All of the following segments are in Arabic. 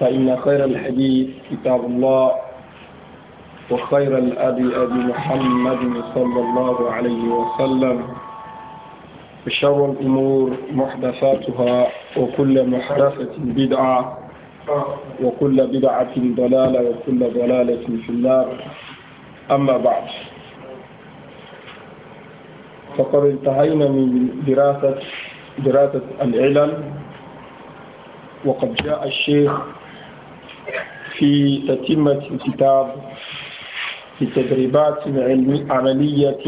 فإن خير الحديث كتاب الله وخير الأبي أبي محمد صلى الله عليه وسلم وشر الأمور محدثاتها وكل محدثة بدعة وكل بدعة ضلالة وكل ضلالة في النار أما بعد فقد انتهينا من دراسة دراسة العلل وقد جاء الشيخ في تتمة الكتاب بتدريبات عملية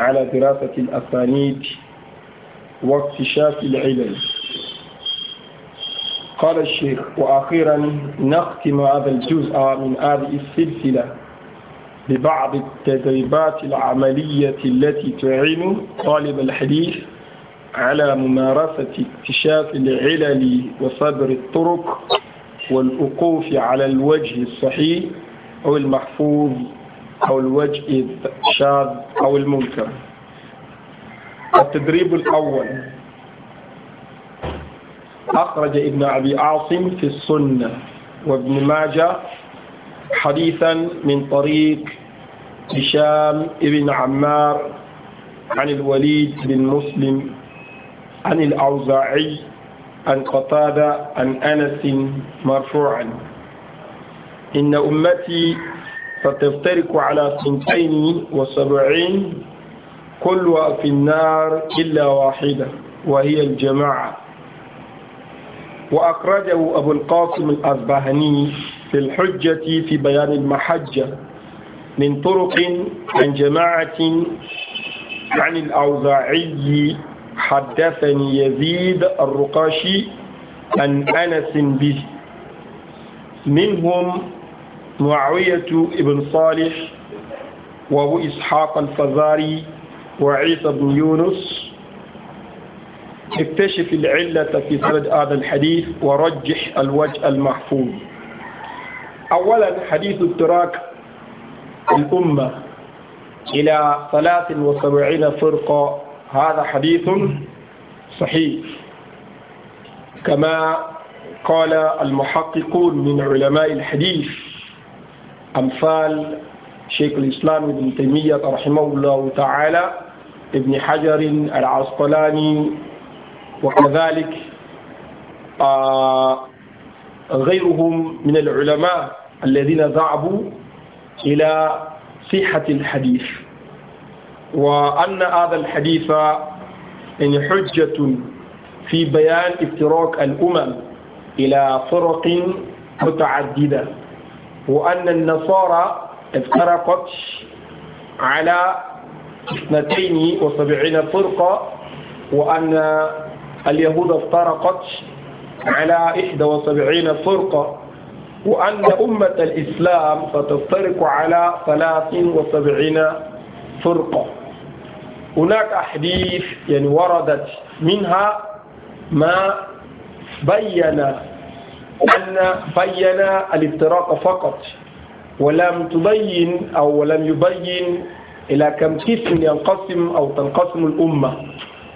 على دراسة الأسانيد واكتشاف العلل قال الشيخ وأخيرا نختم هذا الجزء من هذه السلسلة ببعض التدريبات العملية التي تعين طالب الحديث على ممارسة اكتشاف العلل وصدر الطرق والوقوف على الوجه الصحيح أو المحفوظ أو الوجه الشاذ أو المنكر التدريب الأول أخرج ابن أبي عاصم في السنة وابن ماجه حديثا من طريق هشام بن عمار عن الوليد بن مسلم عن الأوزاعي عن قتادة عن أنس مرفوعا إن أمتي ستفترق على سنتين وسبعين كل في النار إلا واحدة وهي الجماعة وأخرجه أبو القاسم الأصبهاني في الحجة في بيان المحجة من طرق عن جماعة عن الأوزاعي حدثني يزيد الرقاشي عن أنس به منهم معوية بن صالح وأبو إسحاق الفزاري وعيسى بن يونس اكتشف العلة في سند هذا الحديث ورجح الوجه المحفوظ أولا حديث التراك الأمة إلى 73 فرقة هذا حديث صحيح كما قال المحققون من علماء الحديث أمثال شيخ الإسلام ابن تيمية رحمه الله تعالى ابن حجر العسقلاني وكذلك آه، غيرهم من العلماء الذين ذهبوا إلى صحة الحديث وأن هذا الحديث إن حجة في بيان افتراق الأمم إلى فرق متعددة وأن النصارى افترقت على اثنتين وسبعين فرقة وأن اليهود افترقت على إحدى وسبعين فرقة وأن أمة الإسلام ستفترق على ثلاث وسبعين فرقة هناك أحاديث يعني وردت منها ما بين أن بين الافتراق فقط ولم تبين أو ولم يبين إلى كم قسم ينقسم أو تنقسم الأمة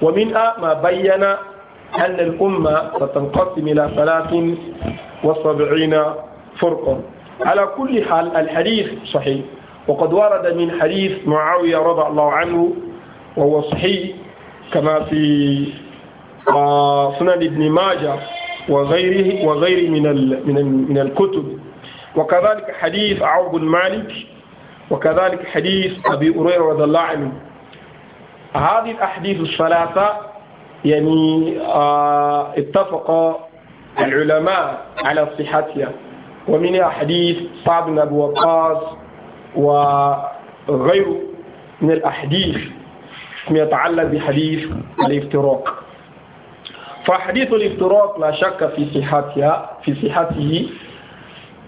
ومنها آه ما بين أن الأمة ستنقسم إلى ثلاث وسبعين فرقة على كل حال الحديث صحيح وقد ورد من حديث معاوية رضي الله عنه وهو صحيح كما في آه، سنن ابن ماجه وغيره وغيره من من من الكتب وكذلك حديث عوف بن مالك وكذلك حديث ابي هريره رضي الله عنه هذه الاحاديث الثلاثه يعني آه، اتفق العلماء على صحتها ومن حديث صعب بن ابي وقاص وغيره من الاحاديث فيما يتعلق بحديث الافتراق فحديث الافتراق لا شك في صحتها في صحته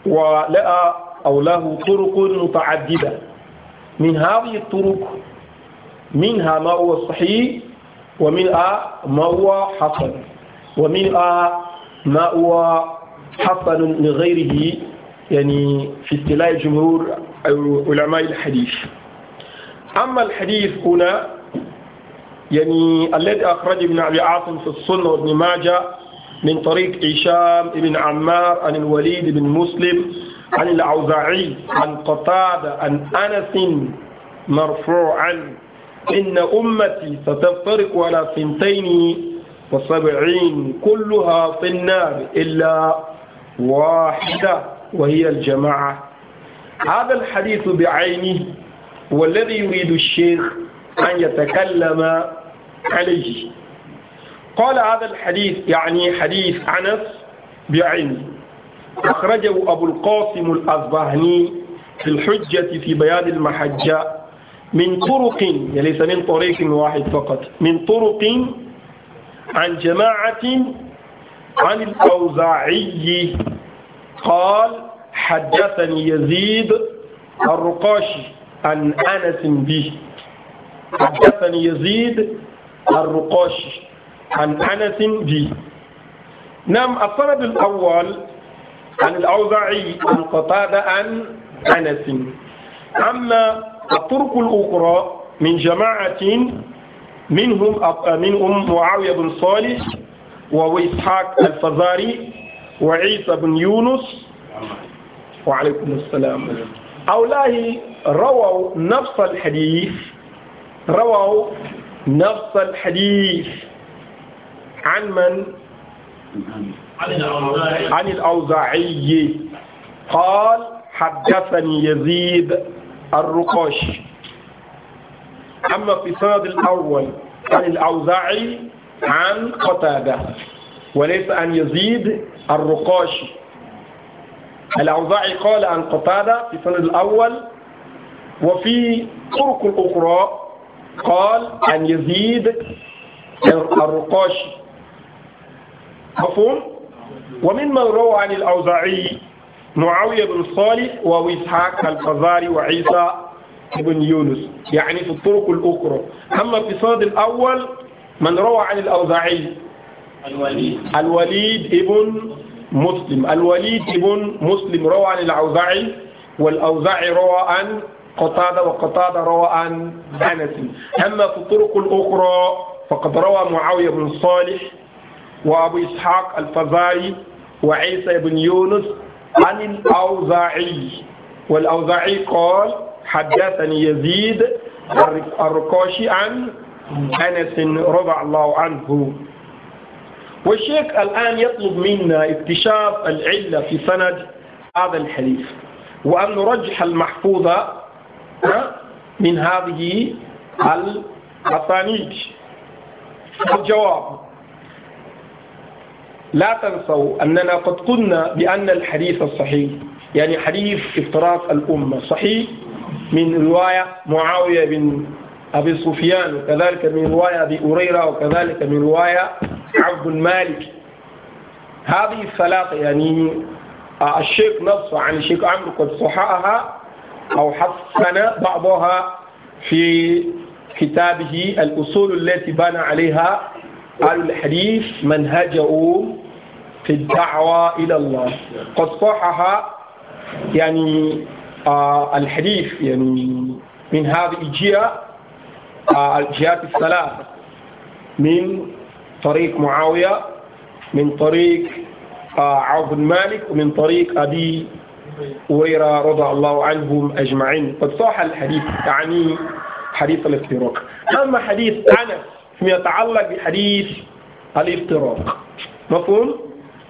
ولا أو له طرق متعددة من هذه الطرق منها ما هو صحيح ومنها ما هو حسن ومنها ما هو حسن لغيره يعني في اصطلاح جمهور علماء الحديث أما الحديث هنا يعني الذي أخرج ابن أبي عاصم في السنة وابن ماجه من طريق هشام بن عمار عن الوليد بن مسلم عن الأوزاعي عن قتادة عن أنس مرفوعا إن أمتي ستفترق على سنتين وسبعين كلها في النار إلا واحدة وهي الجماعة هذا الحديث بعينه والذي يريد الشيخ أن يتكلم عليه قال هذا الحديث يعني حديث أنس بعين أخرجه أبو القاسم الأصبهاني في الحجة في بيان المحجة من طرق يعني ليس من طريق واحد فقط من طرق عن جماعة عن الأوزاعي قال حدثني يزيد الرقاشي عن أنس به حدثني يزيد الرقاش عن أنس جي نعم السند الأول عن الأوزعي عن قتادة عن أنس أما الطرق الأخرى من جماعة منهم منهم معاوية بن صالح وإسحاق الفزاري وعيسى بن يونس وعليكم السلام أولاه رووا نفس الحديث رووا نفس الحديث عن من عن الأوزاعي قال حدثني يزيد الرقاش أما في سند الأول عن الأوزاعي عن قتادة وليس عن يزيد الرقاشي الأوزاعي قال عن قتادة في السند الأول وفي طرق الأخرى قال عن يزيد الرقاشي مفهوم وممن روى عن الأوزاعي معاوية بن صالح وإسحاق الفزاري وعيسى بن يونس يعني في الطرق الأخرى أما في صاد الأول من روى عن الأوزاعي الوليد الوليد ابن مسلم الوليد ابن مسلم روى عن الأوزاعي والأوزاعي روى عن قتادة وقتادة روى عن أنس أما في الطرق الأخرى فقد روى معاوية بن صالح وأبو إسحاق الفزاري وعيسى بن يونس عن الأوزاعي والأوزاعي قال حدثني يزيد الركاشي عن أنس رضي الله عنه والشيخ الآن يطلب منا اكتشاف العلة في سند هذا الحديث وأن نرجح المحفوظة من هذه الأسانيد الجواب لا تنسوا أننا قد قلنا بأن الحديث الصحيح يعني حديث افتراق الأمة صحيح من رواية معاوية بن أبي سفيان وكذلك من رواية أبي هريرة وكذلك من رواية عبد المالك هذه الثلاثة يعني آه، الشيخ نص عن الشيخ عمرو قد صححها أو حسن بعضها في كتابه الأصول التي بنى عليها أهل الحديث منهجه في الدعوة إلى الله قد صحح يعني آه الحديث يعني من هذه الجهة آه الجهات الثلاث من طريق معاوية من طريق آه عوف المالك ومن طريق أبي هريرة رضي الله عنهم أجمعين قد صح الحديث يعني حديث الافتراق أما حديث أنس فيما يتعلق بحديث الافتراق مفهوم؟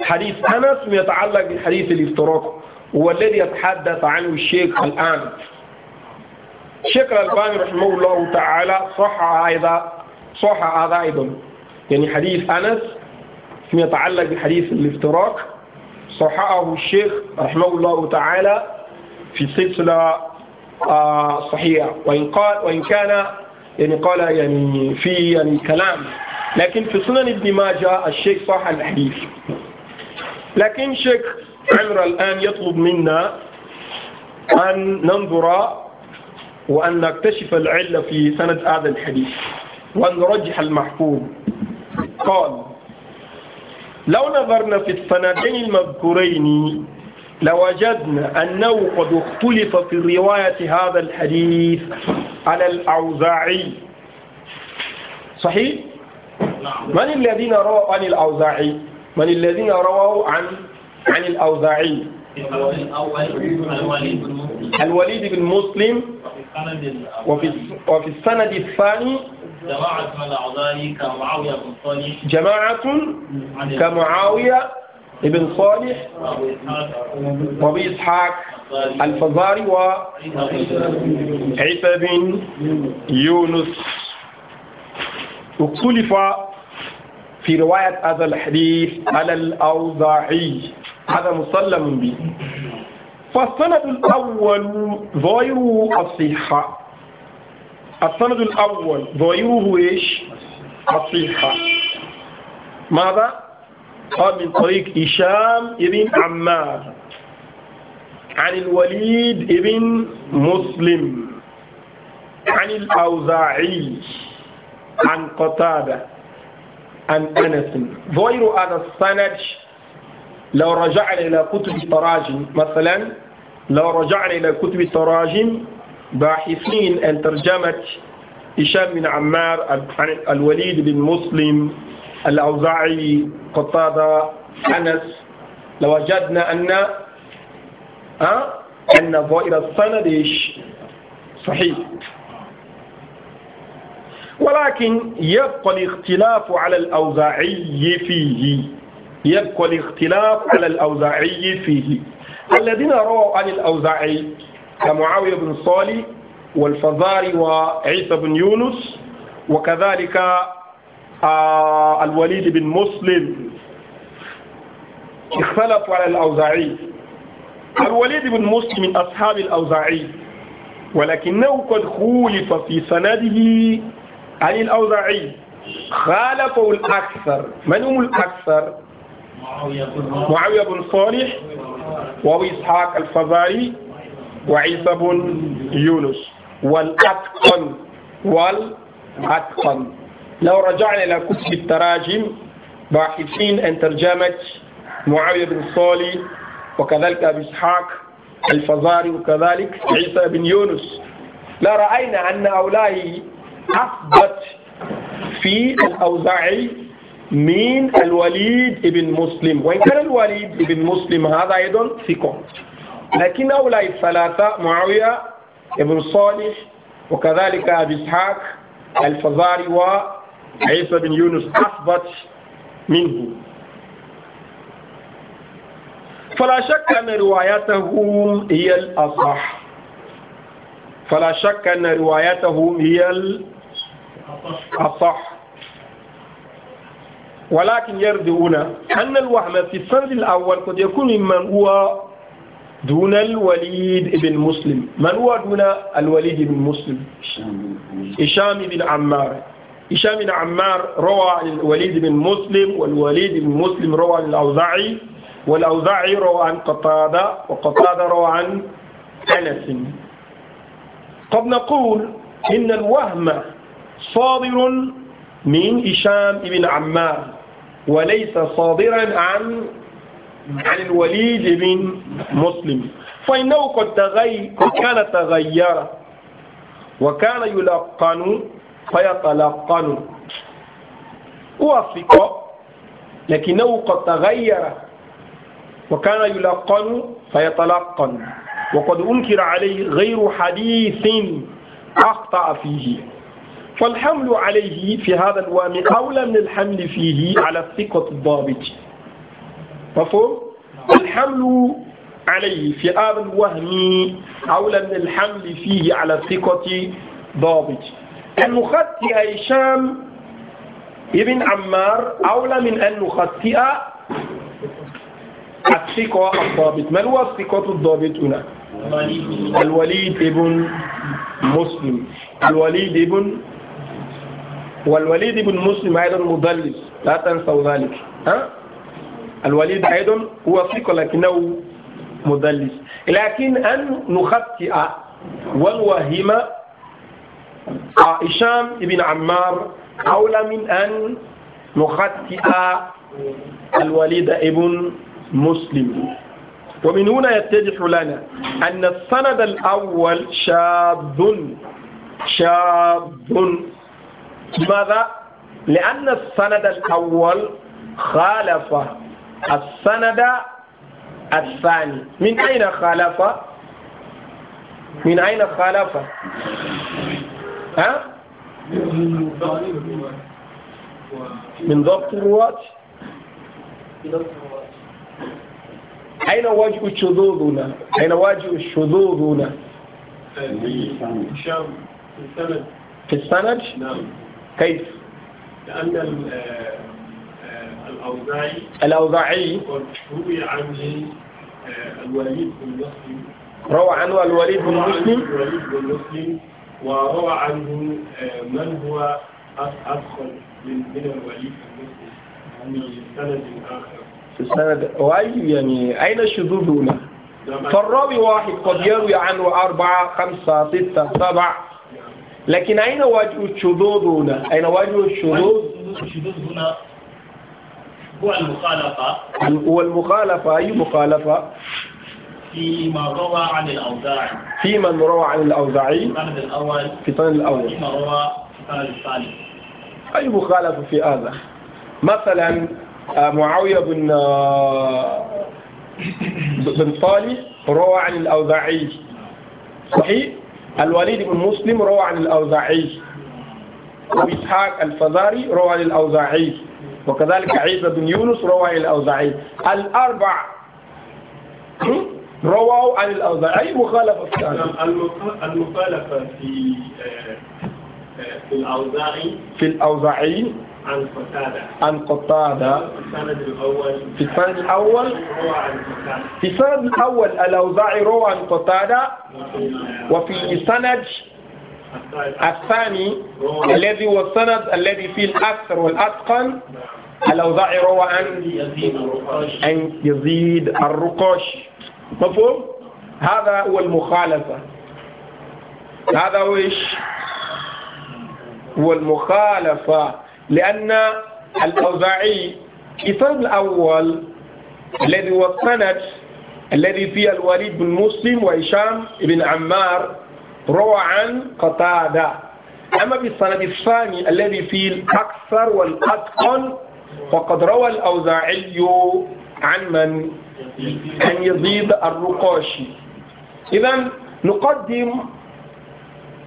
حديث أنس فيما يتعلق بحديث الافتراق هو الذي يتحدث عنه الشيخ الآن الشيخ الألباني رحمه الله تعالى صح هذا صح هذا أيضا يعني حديث أنس فيما يتعلق بحديث الافتراق صححه الشيخ رحمه الله تعالى في سلسلة آه، صحيحة وإن قال وإن كان يعني قال يعني في يعني كلام لكن في سنن ابن ماجه الشيخ صح الحديث لكن شيخ عمر الآن يطلب منا أن ننظر وأن نكتشف العلة في سند هذا الحديث وأن نرجح المحفوظ قال لو نظرنا في السندين المذكورين لوجدنا أنه قد اختلف في رواية هذا الحديث على الأوزاعي صحيح؟ نعم. من الذين رووا عن الأوزاعي؟ من الذين رووا عن عن الأوزاعي؟ الوليد بن مسلم وفي وفي السند الثاني جماعة من كمعاوية بن صالح جماعة كمعاوية صالح وأبي إسحاق الفزاري وعيسى بن يونس اختلف في رواية هذا الحديث على الأوزاعي هذا مسلم به فالسند الأول ظاهر الصحة السند الأول ظهيره إيش الصحة ماذا قال من طريق هشام بن عمار عن الوليد بن مسلم عن الأوزاعي عن قتادة عن أنس ظهير هذا السند لو رجعنا إلى كتب التراجم مثلا لو رجعنا إلى كتب التراجم باحثين عن ترجمة هشام بن عمار عن الوليد بن مسلم الأوزاعي قطادة أنس لوجدنا أن أن ظاهر السند صحيح ولكن يبقى الاختلاف على الأوزاعي فيه يبقى الاختلاف على الأوزاعي فيه الذين رووا عن الأوزاعي كمعاوية بن صالح والفزاري وعيسى بن يونس وكذلك آه، الوليد بن مسلم اختلفوا على الأوزاعي الوليد بن مسلم من أصحاب الأوزاعي ولكنه قد خولف في سنده عن الأوزاعي خالفه الأكثر من هم الأكثر؟ معاوية بن صالح وإسحاق الفزاري وعيسى بن يونس والأتقن والأتقن لو رجعنا إلى كتب التراجم باحثين عن ترجمة معاوية بن صالي وكذلك أبي إسحاق الفزاري وكذلك عيسى بن يونس لرأينا أن هؤلاء أثبت في الأوزاعي من الوليد بن مسلم وإن كان الوليد بن مسلم هذا أيضا ثقة لكن هؤلاء الثلاثة معاوية ابن صالح وكذلك أبي إسحاق الفزاري وعيسى بن يونس أثبت منه فلا شك أن روايتهم هي الأصح فلا شك أن روايتهم هي الأصح ولكن هنا أن الوهم في السند الأول قد يكون ممن هو دون الوليد بن مسلم من هو دون الوليد بن مسلم هشام بن عمار هشام بن عمار روى عن الوليد بن مسلم والوليد بن مسلم روى عن الأوزاعي والأوزاعي روى عن قتادة وقتادة روى عن أنس قد نقول إن الوهم صادر من هشام بن عمار وليس صادرا عن عن الوليد بن مسلم فإنه قد, تغي... كان تغير وكان يلقن فيتلقن وافق لكنه قد تغير وكان يلقن فيتلقن وقد أنكر عليه غير حديث أخطأ فيه فالحمل عليه في هذا الوامع أولى من الحمل فيه على الثقة الضابط مفهوم الحمل عليه في آب الوهم أولى من الحمل فيه على ثقة ضابط أن نخطئ هشام ابن عمار أولى من أن نخطئ الثقة الضابط ما هو الثقة الضابط هنا الوليد ابن مسلم الوليد ابن والوليد بن مسلم أيضا مدلس لا تنسوا ذلك ها الوليد أيضا هو ثقة لكنه مدلس لكن أن نخطئ ونوهم هشام بن عمار أولى من أن نخطئ الوليد ابن مسلم ومن هنا يتضح لنا أن السند الأول شاذ شاذ لماذا؟ لأن السند الأول خالف السند الثاني من أين خالف من أين خالف ها من ضبط الرواة أين وجه الشذوذ هنا أين وجه الشذوذ هنا في السند نعم. كيف لأن الأوزاعي الأوزاعي روي عنه آه، الوليد بن مسلم روى عنه الوليد بن مسلم الوليد بن مسلم وروى عنه آه، من هو أدخل من الوليد بن مسلم في سند آخر في سند وأي يعني أين الشذوذ هنا؟ نعم. فالراوي واحد قد يروي عنه أربعة خمسة ستة سبعة نعم. لكن أين وجه الشذوذ هنا؟ أين وجه الشذوذ؟ الشذوذ هنا هو المخالفة هو المخالفة أي مخالفة فيما روى عن الأوزاعي فيما روى عن الأوزاعي في الطن الأول في الطن الأول فيما روى في الطن الثاني أي مخالفة في هذا مثلا آه، معاوية بن آه، بن صالح روى عن الأوزاعي صحيح الوليد بن مسلم روى عن الأوزاعي وإسحاق الفزاري روى عن الأوزاعي وكذلك عيسى بن يونس روى الأوزاعي الأربع رووا عن الأوزاعي مخالفة نعم، المخالفة في آه، آه، في الأوزاعي في الأوزاعي عن قتادة عن قتادة في السند الأول في السند الأول في السند الأول الأوزاعي روى عن قتادة وفي السند الثاني الذي هو السند الذي فيه الأكثر والأتقن نعم. الأوزاعي روى عن ان يزيد الرقاش مفهوم؟ هذا هو المخالفة هذا هو إيش؟ هو المخالفة لأن الأوزاعي كتاب الأول الذي هو السند الذي فيه الوليد بن مسلم وهشام بن عمار روى عن قتادة أما في الصند الثاني الذي فيه الأكثر والأتقن وقد روى الأوزاعي عن من عن يزيد الرقاشي إذا نقدم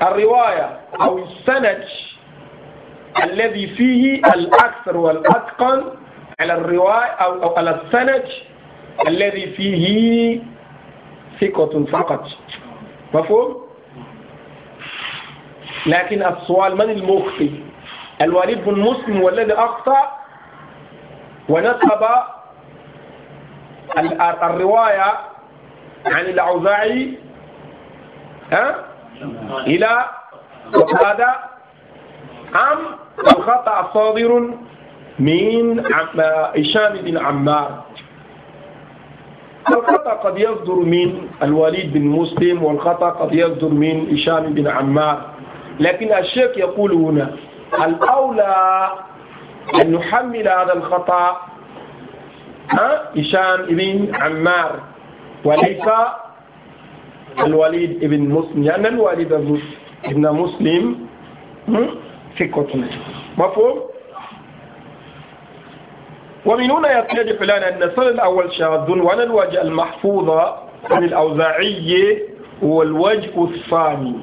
الرواية أو السند الذي فيه الأكثر والأتقن على الرواية أو, أو على السند الذي فيه ثقة فقط مفهوم؟ لكن السؤال من المخطئ؟ الوليد بن مسلم والذي أخطأ ونسب الرواية عن الأوزاعي ها إلى قتادة أم الخطأ صادر من هشام بن عمار الخطأ قد يصدر من الوليد بن مسلم والخطأ قد يصدر من هشام بن عمار لكن الشيخ يقول هنا الأولى أن نحمل هذا الخطأ هشام بن عمار وليس الوليد بن مسلم لأن يعني الوليد بن مسلم كتنة مفهوم؟ ومن هنا يتضح لنا أن السنة الأول شاذ وأن الوجه المحفوظة عن الأوزاعي هو الوجه الثاني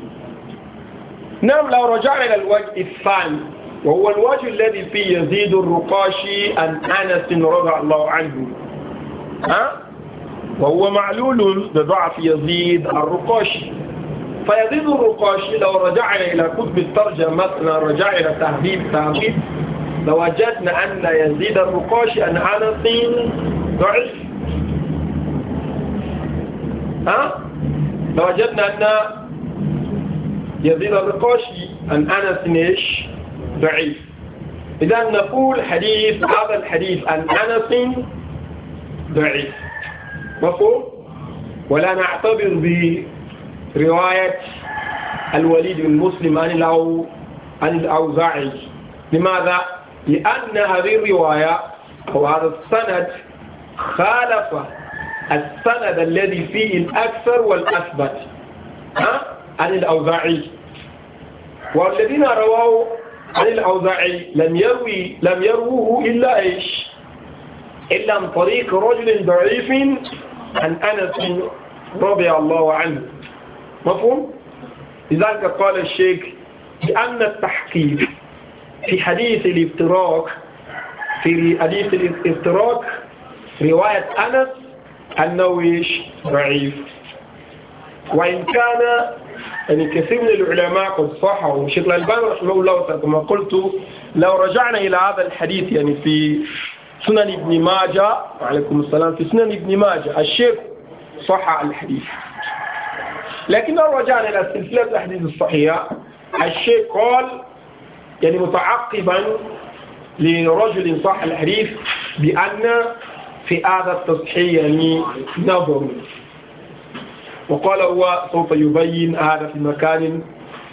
نعم لو رجعنا إلى الوجه الثاني وهو الوجه الذي فيه يزيد الرقاشي عن أنس رضي الله عنه ها؟ وهو معلول بضعف يزيد الرقاشي فيزيد الرقاشي لو رجعنا إلى كتب الترجمة مثلا رجعنا تهذيب تهذيب لوجدنا أن يزيد الرقاشي عن أنس ضعف ها؟ لوجدنا أن يزيد الرقاشي عن أنس إيش؟ ضعيف إذا نقول حديث هذا الحديث عن أنس ضعيف مفهوم؟ ولا نعتبر برواية الوليد بن مسلم عن عن الأوزاعي لماذا؟ لأن هذه الرواية أو هذا السند خالف السند الذي فيه الأكثر والأثبت ها؟ عن الأوزاعي والذين رواه عن الأوزاعي لم يروي لم يروه إلا إيش إلا عن طريق رجل ضعيف عن أنس رضي الله عنه مفهوم؟ لذلك قال الشيخ بأن التحقيق في حديث الافتراق في حديث الافتراق رواية أنس أنه إيش ضعيف وإن كان يعني كثير من العلماء قد صحوا الشيخ الألباني رحمه الله تعالى كما قلت لو رجعنا إلى هذا الحديث يعني في سنن ابن ماجه وعليكم السلام في سنن ابن ماجه الشيخ صح الحديث لكن لو رجعنا إلى سلسلة الأحاديث الصحيحة الشيخ قال يعني متعقبا لرجل صح الحديث بأن في هذا التصحيح يعني نظر وقال هو سوف يبين هذا في مكان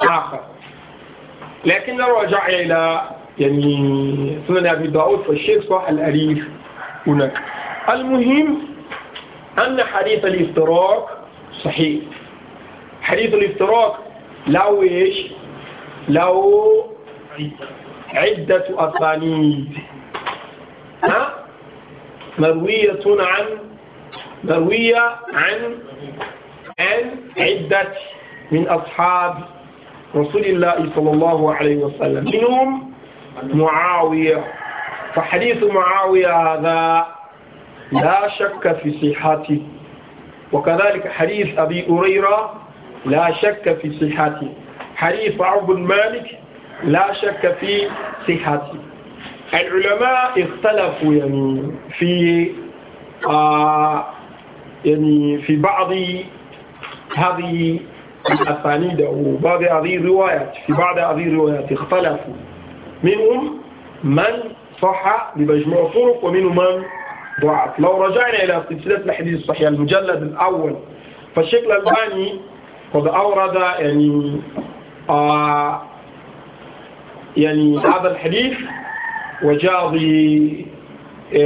آخر لكن لو رجع إلى يعني سنن أبي داود فالشيخ صح الأليف هناك المهم أن حديث الافتراق صحيح حديث الافتراق له إيش له عدة أسانيد ها مروية عن مروية عن عن عدة من أصحاب رسول الله صلى الله عليه وسلم منهم معاوية فحديث معاوية هذا لا شك في صحته وكذلك حديث أبي هريرة لا شك في صحته حديث عبد مالك لا شك في صحته العلماء اختلفوا يعني في آه يعني في بعض هذه الأسانيد أو بعض هذه الروايات في بعض هذه الروايات اختلفوا منهم من صح بمجموع الطرق ومنهم من ضعف لو رجعنا إلى سلسلة الحديث الصحيح المجلد الأول فالشكل الثاني قد أورد يعني آه يعني هذا الحديث وجاء بروايات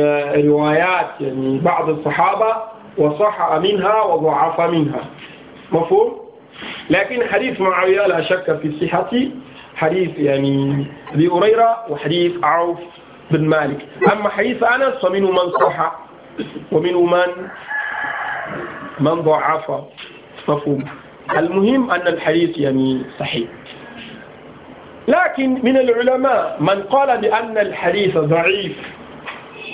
آه، يعني بعض الصحابة وصح منها وضعف منها مفهوم لكن حديث معاوية لا شك في صحة حديث يعني أبي هريرة وحديث عوف بن مالك أما حديث أنس فمنه من صح ومنه من من ضعف مفهوم المهم أن الحديث يعني صحيح لكن من العلماء من قال بأن الحديث ضعيف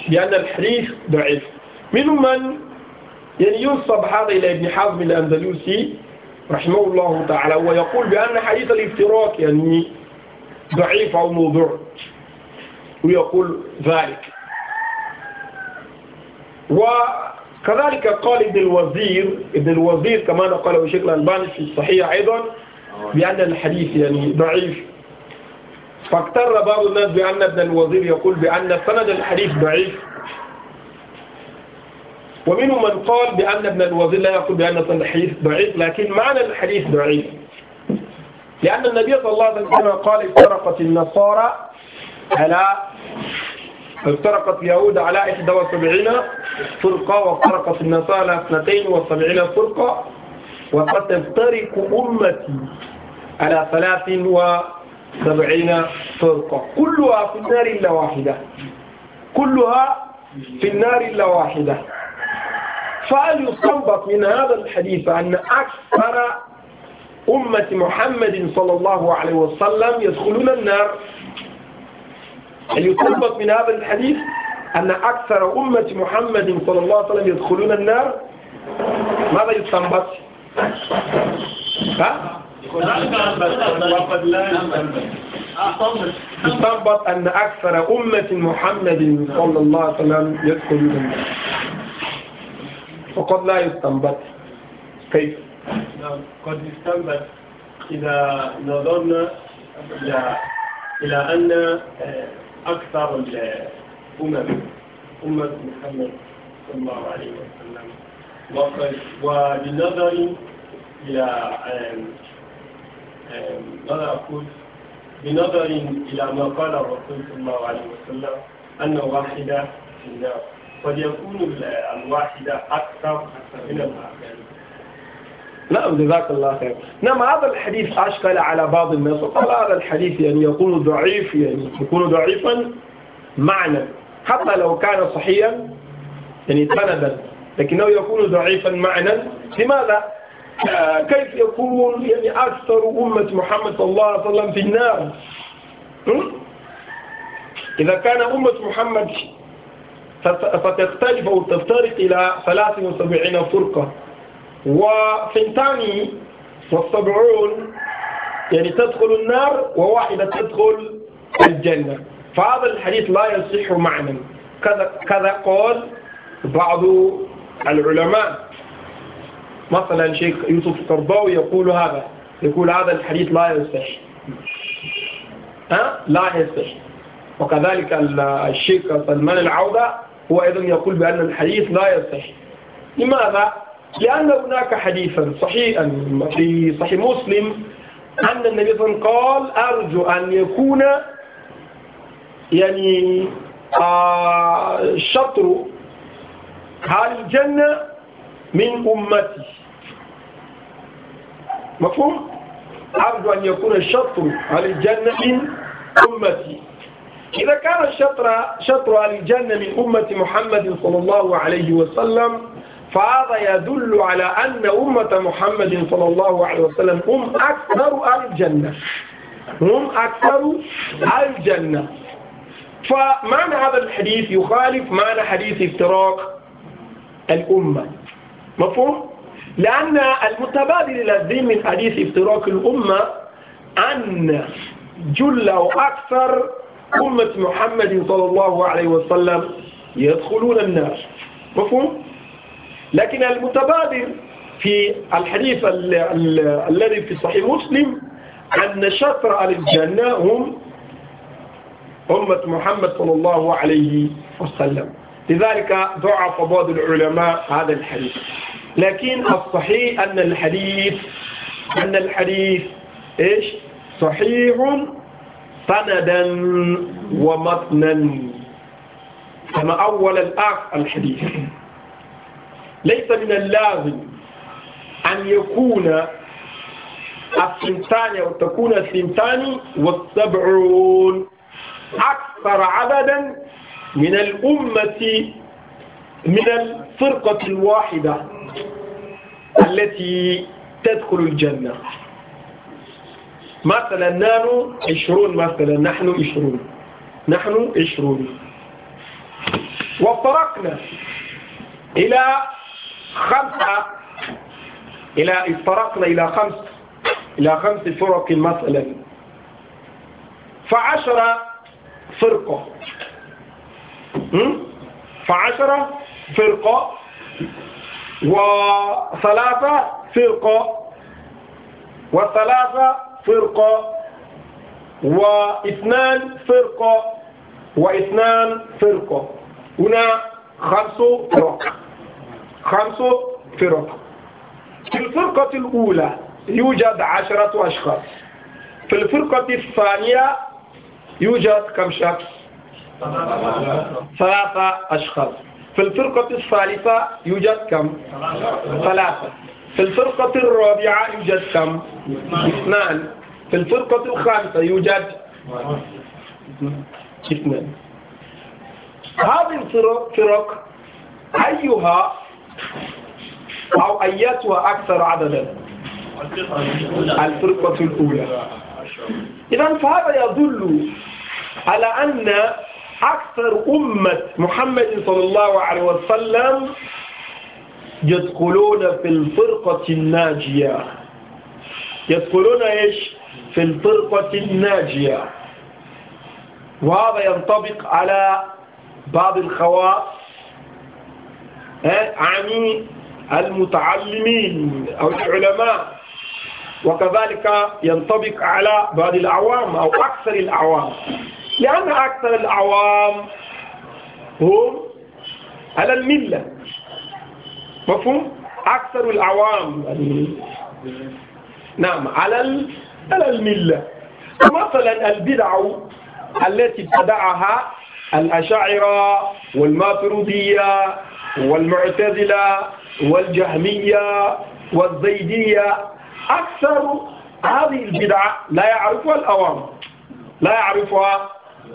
بأن الحديث ضعيف من من يعني ينسب هذا إلى ابن حزم الأندلسي رحمه الله تعالى ويقول بأن حديث الافتراك يعني ضعيف أو موضوع ويقول ذلك وكذلك قال ابن الوزير ابن الوزير كما قاله الشيخ الألباني في الصحيح أيضا بأن الحديث يعني ضعيف فاقتر بعض الناس بأن ابن الوزير يقول بأن سند الحديث ضعيف ومنهم من قال بأن ابن الوزير لا يقول بأن الحديث ضعيف لكن معنى الحديث ضعيف لأن النبي صلى الله عليه وسلم قال افترقت النصارى على افترقت اليهود على 71 فرقة وافترقت النصارى على 72 فرقة وستفترق أمتي على 73 فرقة كلها في النار إلا واحدة كلها في النار إلا واحدة فهل يستنبط من هذا الحديث أن أكثر أمة محمد صلى الله عليه وسلم يدخلون النار هل يستنبط من هذا الحديث أن أكثر أمة محمد صلى الله عليه وسلم يدخلون النار ماذا يستنبط؟ ها؟ يستنبط أن أكثر أمة محمد صلى الله عليه وسلم يدخلون النار فقد لا يستنبت كيف؟ نعم قد يستنبت إذا نظرنا إلى إلى أن آه، أكثر الأمم أمة محمد صلى الله عليه وسلم وبنظر إلى ماذا أقول بنظر إلى ما قال الرسول صلى الله عليه وسلم أن واحدة في النار قد يكون الواحدة أكثر من لا نعم جزاك الله خير نعم هذا الحديث أشكل على بعض الناس وقال هذا الحديث يعني يكون ضعيف يعني يكون ضعيفا معنى حتى لو كان صحيا يعني سندا لكنه يكون ضعيفا معنى لماذا؟ آه كيف يكون يعني أكثر أمة محمد صلى الله عليه وسلم في النار؟ إذا كان أمة محمد فتختلف أو تفترق إلى 73 فرقة وفي الثاني والسبعون يعني تدخل النار وواحدة تدخل الجنة فهذا الحديث لا يصح معنى كذا, كذا قال بعض العلماء مثلا شيخ يوسف القرضاوي يقول هذا يقول هذا الحديث لا يصح ها أه؟ لا يصح وكذلك الشيخ سلمان العودة هو أيضا يقول بأن الحديث لا يصح لماذا؟ لأن هناك حديثا صحيحا في صحيح مسلم أن النبي صلى الله عليه وسلم قال أرجو أن يكون يعني آه، شطر هذه الجنة من أمتي مفهوم؟ أرجو أن يكون شطر هذه الجنة من أمتي إذا كان الشطر شطر أهل الجنة من أمة محمد صلى الله عليه وسلم فهذا يدل على أن أمة محمد صلى الله عليه وسلم هم أكثر أهل الجنة هم أكثر أهل الجنة فمعنى هذا الحديث يخالف معنى حديث افتراق الأمة مفهوم؟ لأن المتبادل الذي من حديث افتراق الأمة أن جل وأكثر أمة محمد صلى الله عليه وسلم يدخلون النار مفهوم؟ لكن المتبادر في الحديث الذي في صحيح مسلم أن شطر الجنة هم أمة محمد صلى الله عليه وسلم لذلك ضعف بعض العلماء هذا الحديث لكن الصحيح أن الحديث أن الحديث إيش صحيح سندا ومتنا كما أول الآخ الحديث ليس من اللازم أن يكون الثنتان أو تكون الثنتان والسبعون أكثر عددا من الأمة من الفرقة الواحدة التي تدخل الجنة مثلا نحن عشرون مثلا نحن عشرون نحن عشرون وافترقنا إلى خمسة إلى افترقنا إلى خمس إلى خمس فرق مثلا فعشرة فرقة فعشرة فرقة وثلاثة فرقة وثلاثة فرقة واثنان فرقة واثنان فرقة هنا خمس فرق خمس فرق في الفرقة الأولى يوجد عشرة أشخاص في الفرقة الثانية يوجد كم شخص ثلاثة أشخاص في الفرقة الثالثة يوجد كم ثلاثة في الفرقة الرابعة يوجد كم اثنان في الفرقة الخامسة يوجد اثنان هذه الفرق أيها أو أياتها أكثر عددا الفرقة الأولى إذا فهذا يدل على أن أكثر أمة محمد صلى الله عليه وسلم يدخلون في الفرقة الناجية يدخلون إيش؟ في الفرقة الناجية وهذا ينطبق على بعض الخواص عن المتعلمين أو العلماء وكذلك ينطبق على بعض الأعوام أو أكثر الأعوام لأن أكثر الأعوام هم على الملة مفهوم؟ أكثر الأعوام يعني، نعم على على الملة مثلا البدع التي ابتدعها الأشاعرة والماترودية والمعتزلة والجهمية والزيدية أكثر هذه البدع لا يعرفها الأوام لا يعرفها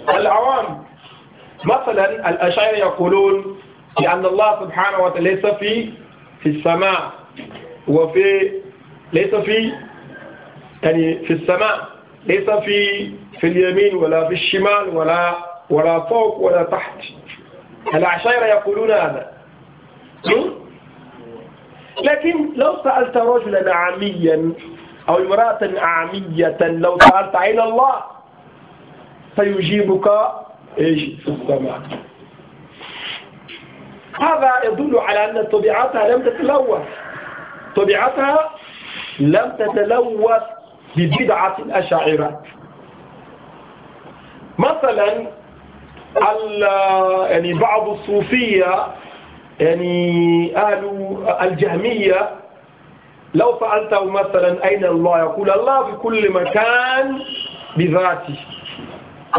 العوام مثلا الأشاعرة يقولون لأن الله سبحانه وتعالى ليس في في السماء وفي ليس في يعني في السماء ليس في في اليمين ولا في الشمال ولا ولا فوق ولا تحت العشائر يقولون هذا لكن لو سألت رجلا عاميا أو امرأة عامية لو سألت عين الله فيجيبك ايش في السماء هذا يدل على أن طبيعتها لم تتلوث طبيعتها لم تتلوث لبدعة الأشاعرة مثلا يعني بعض الصوفية يعني أهل الجهمية لو سألته مثلا أين الله يقول الله في كل مكان بذاته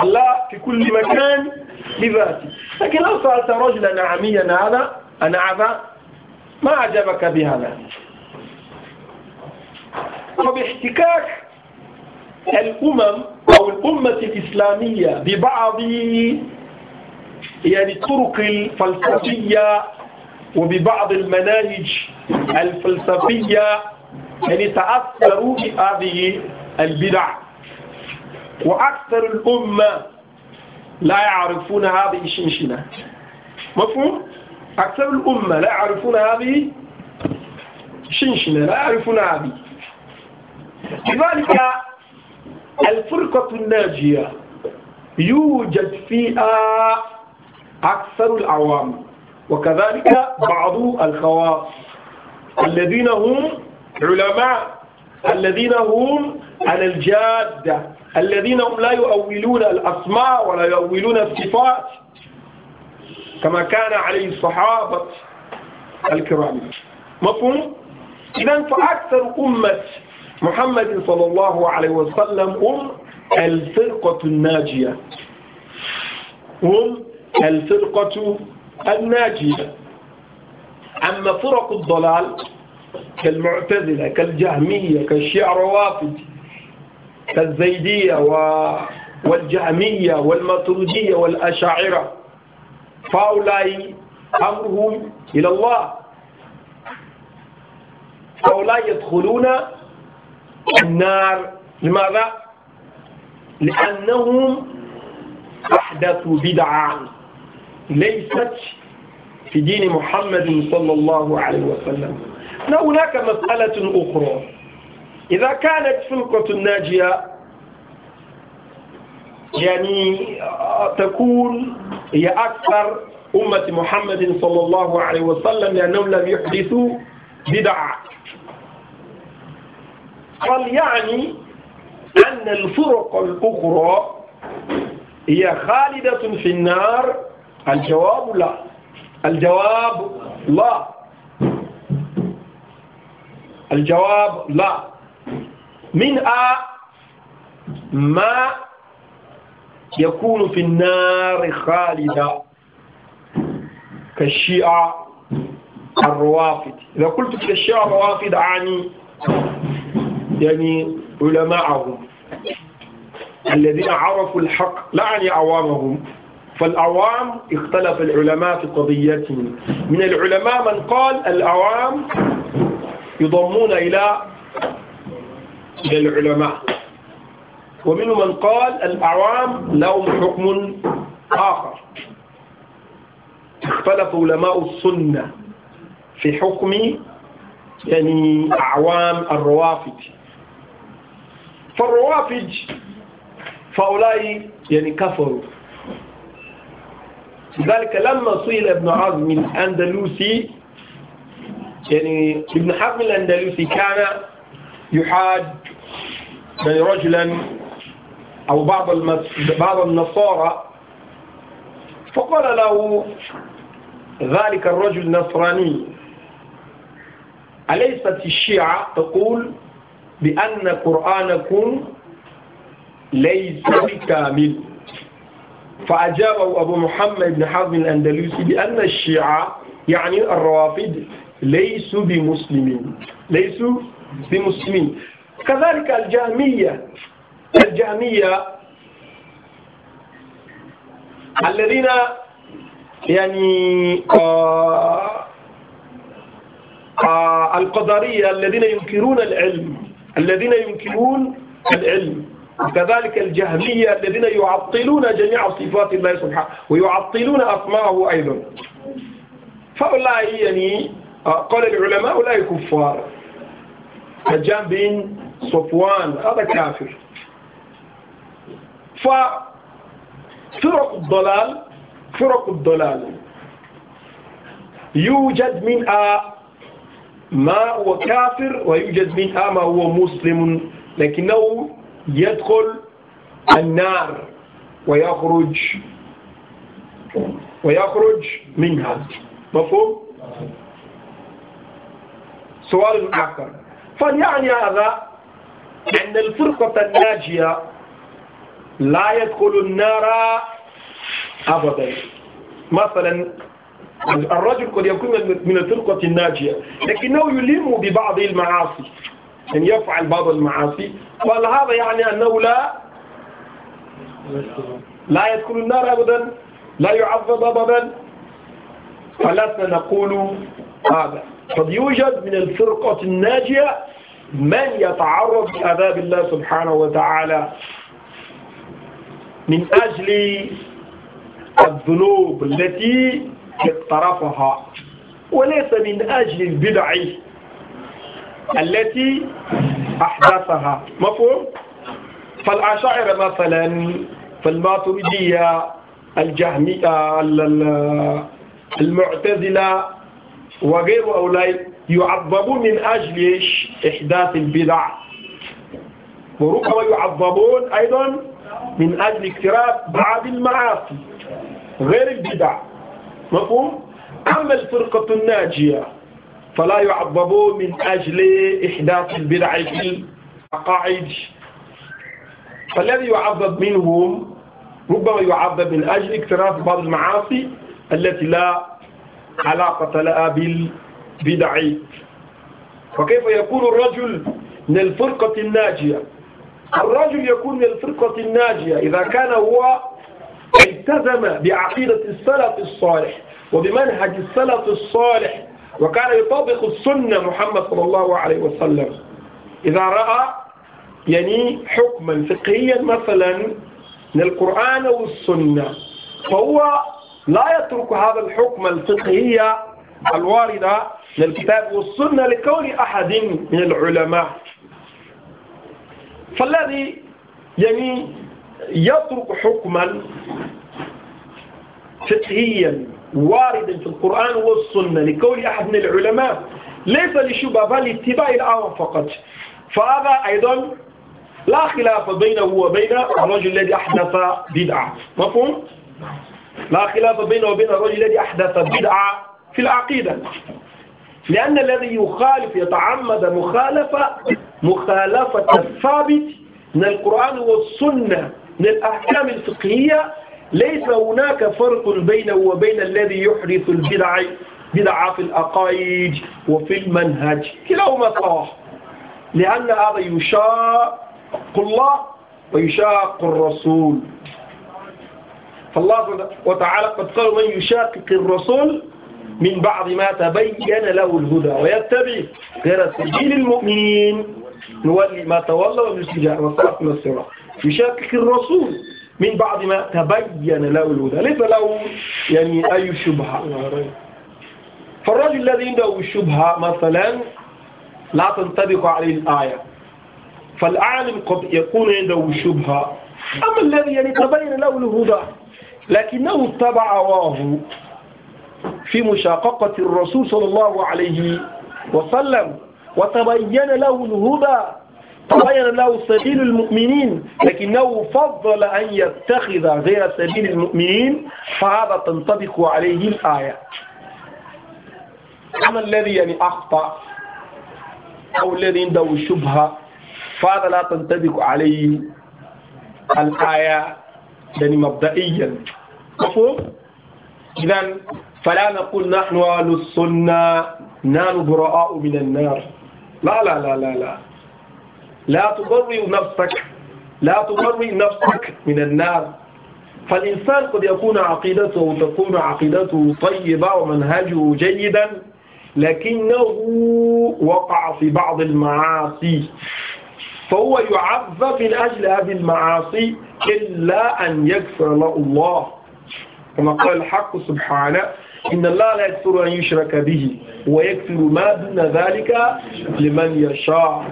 الله في كل مكان بذاته لكن لو سألت رجلا نعميا هذا أنا عذا ما أعجبك بهذا وباحتكاك الأمم أو الأمة الإسلامية ببعض يعني الطرق الفلسفية وببعض المناهج الفلسفية يعني تأثروا بهذه البدع وأكثر الأمة لا يعرفون هذه الشنشنة مفهوم؟ أكثر الأمة لا يعرفون هذه الشنشنة لا يعرفون هذه لذلك الفرقة الناجية يوجد فيها أكثر العوام وكذلك بعض الخواص الذين هم علماء الذين هم على الجادة الذين هم لا يؤولون الأسماء ولا يؤولون الصفات كما كان عليه الصحابة الكرام مفهوم؟ إذن فأكثر أمة محمد صلى الله عليه وسلم هم الفرقة الناجية هم الفرقة الناجية أما فرق الضلال كالمعتزلة كالجهمية كالشيع روافد كالزيدية والجهمية والماتريدية والأشاعرة فهؤلاء أمرهم إلى الله فهؤلاء يدخلون النار لماذا؟ لأنهم أحدثوا بدعة ليست في دين محمد صلى الله عليه وسلم هناك مسألة أخرى إذا كانت فلقة ناجية يعني تكون هي أكثر أمة محمد صلى الله عليه وسلم لأنهم لم يحدثوا بدعة قال يعني أن الفرق الأخرى هي خالدة في النار الجواب لا الجواب لا الجواب لا منها ما يكون في النار خالدة كالشيعة الروافد إذا قلت كالشيعة الروافد عني يعني علماءهم الذين عرفوا الحق لا يعني عوامهم فالعوام اختلف العلماء في قضيتهم من العلماء من قال العوام يضمون إلى إلى العلماء ومنهم من قال الأعوام لهم حكم آخر اختلف علماء السنة في حكم يعني أعوام الروافد فالروافج فهؤلاء يعني كفروا لذلك لما صير ابن عزم الأندلسي يعني ابن حزم الأندلسي كان يحاد يعني رجلا أو بعض بعض النصارى فقال له ذلك الرجل نصراني أليست الشيعة تقول بأن قرآنكم ليس بكامل فأجابه أبو محمد بن حزم الأندلسي بأن الشيعة يعني الروافد ليسوا بمسلمين ليسوا بمسلمين كذلك الجهمية الجهمية الذين يعني آه آه القدرية الذين ينكرون العلم الذين ينكرون العلم وكذلك الجهمية الذين يعطلون جميع صفات الله سبحانه ويعطلون أسماءه أيضا فهؤلاء يعني آه، قال العلماء هؤلاء كفار نجام بن صفوان هذا كافر ففرق الضلال فرق الضلال يوجد منها ما هو كافر ويوجد منها ما هو مسلم لكنه يدخل النار ويخرج ويخرج منها مفهوم؟ سؤال آخر فليعني هذا أن الفرقة الناجية لا يدخل النار أبدا مثلا الرجل قد يكون من الفرقة الناجية لكنه يلم ببعض المعاصي أن يفعل بعض المعاصي قال هذا يعني أنه لا لا يدخل النار أبدا لا يعذب أبدا فلسنا نقول هذا قد يوجد من الفرقة الناجية من يتعرض لعذاب الله سبحانه وتعالى من أجل الذنوب التي اقترفها وليس من أجل البدع التي أحدثها مفهوم؟ فالعشائر مثلا فالماتريدية الجهمية المعتزلة وغير أولئك يعذبون من أجل إحداث البدع وربما يعذبون أيضا من أجل اكتراث بعض المعاصي غير البدع مفهوم أما الفرقة الناجية فلا يعذبوا من أجل إحداث البدع في العقائد فالذي يعذب منهم ربما يعذب من أجل اكتراث بعض المعاصي التي لا علاقة لها بالبدع فكيف يكون الرجل من الفرقة الناجية الرجل يكون من الفرقة الناجية إذا كان هو التزم بعقيدة السلف الصالح وبمنهج السلف الصالح وكان يطبق السنة محمد صلى الله عليه وسلم إذا رأى يعني حكما فقهيا مثلا من القرآن والسنة فهو لا يترك هذا الحكم الفقهي الواردة للكتاب والسنة لكون أحد من العلماء فالذي يعني يترك حكما فقهيا واردا في القرآن والسنة لقول أحد من العلماء ليس لشبه بل اتباع الأمر فقط فهذا أيضا لا خلاف بينه وبين الرجل الذي أحدث بدعة مفهوم؟ لا خلاف بينه وبين الرجل الذي أحدث بدعة في العقيدة لأن الذي يخالف يتعمد مخالفة مخالفة الثابت من القرآن والسنة من الأحكام الفقهية ليس هناك فرق بينه وبين الذي يحدث البدع بدعة في الأقايد وفي المنهج كلاهما صح لأن هذا يشاق الله ويشاق الرسول فالله وتعالى قد قال من يشاقق الرسول من بعض ما تبين له الهدى ويتبع غير سبيل المؤمنين نولي ما تولى ونسجع من الصراط يشكك الرسول من بعد ما تبين له الهدى ليس له يعني أي شبهة فالرجل الذي عنده شبهة مثلا لا تنطبق عليه الآية فالعالم قد يكون عنده شبهة أما الذي يعني تبين له الهدى لكنه اتبع هواه في مشاققة الرسول صلى الله عليه وسلم وتبين له الهدى تبين له سبيل المؤمنين لكنه فضل أن يتخذ غير سبيل المؤمنين فهذا تنطبق عليه الآية أما الذي يعني أخطأ أو الذي عنده شبهة فهذا لا تنطبق عليه الآية يعني مبدئيا مفهوم؟ إذا فلا نقول نحن أهل السنة نحن براء من النار لا لا لا لا لا لا تبرئ نفسك لا تبرئ نفسك من النار فالإنسان قد يكون عقيدته تكون عقيدته طيبة ومنهجه جيدا لكنه وقع في بعض المعاصي فهو يعذب من أجل هذه المعاصي إلا أن يكفر له الله كما قال الحق سبحانه إن الله لا يكفر أن يشرك به ويكفر ما دون ذلك لمن يشاء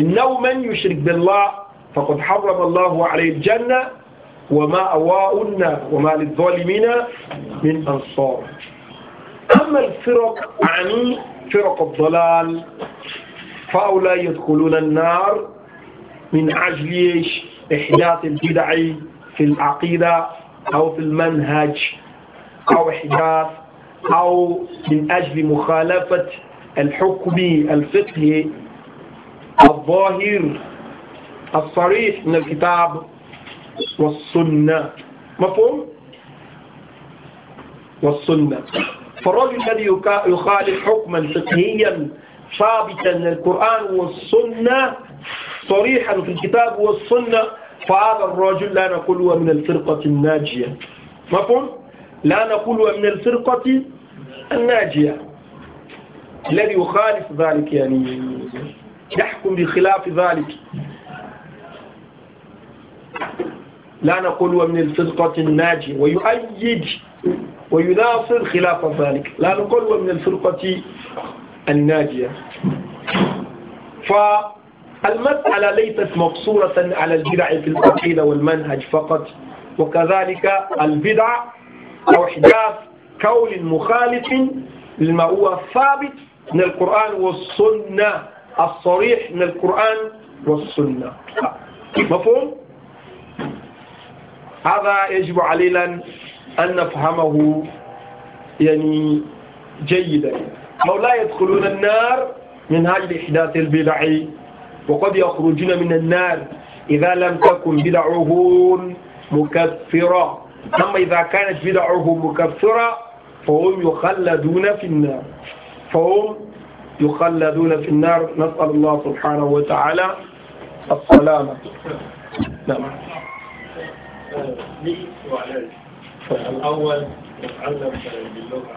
إنه من يشرك بالله فقد حرم الله عليه الجنة وما أواؤنا وما للظالمين من أنصار أما الفرق عن فرق الضلال فأولى يدخلون النار من عجل إحداث البدع في العقيدة أو في المنهج أو إحداث أو من أجل مخالفة الحكم الفقهي الظاهر الصريح من الكتاب والسنة مفهوم؟ والسنة فالرجل الذي يخالف حكما فقهيا ثابتا من القرآن والسنة صريحا في الكتاب والسنة فهذا الرجل لا نقول هو من الفرقة الناجية مفهوم؟ لا نقول هو من الفرقة الناجية الذي يخالف ذلك يعني يحكم بخلاف ذلك لا نقول ومن الفرقة الناجي ويؤيد ويناصر خلاف ذلك لا نقول ومن الفرقة الناجية فالمسألة ليست مقصورة على البدع في العقيدة والمنهج فقط وكذلك البدع أو إحداث كون مخالف لما هو ثابت من القرآن والسنة الصريح من القرآن والسنة مفهوم؟ هذا يجب علينا أن نفهمه يعني جيدا أو لا يدخلون النار من أجل إحداث البدع وقد يخرجون من النار إذا لم تكن بدعهم مكفرة أما إذا كانت بدعهم مكفرة فهم يخلدون في النار فهم يخلدون في النار نسأل الله سبحانه وتعالى السلامة نعم لي الأول نتعلم باللغة